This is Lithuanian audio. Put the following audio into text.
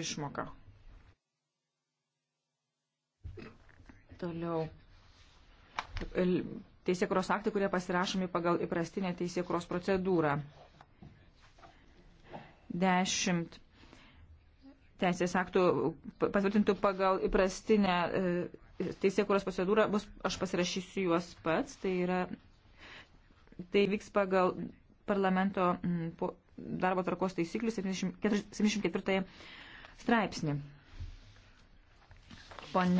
išmoką. Toliau. Teisėkuros aktai, kurie pasirašomi pagal įprastinę teisėkuros procedūrą. 10 teisės aktų patvirtintų pagal įprastinę e, teisėkuros procedūrą, bus, aš pasirašysiu juos pats, tai yra, tai vyks pagal parlamento darbo tvarkos taisyklių 74 straipsnį.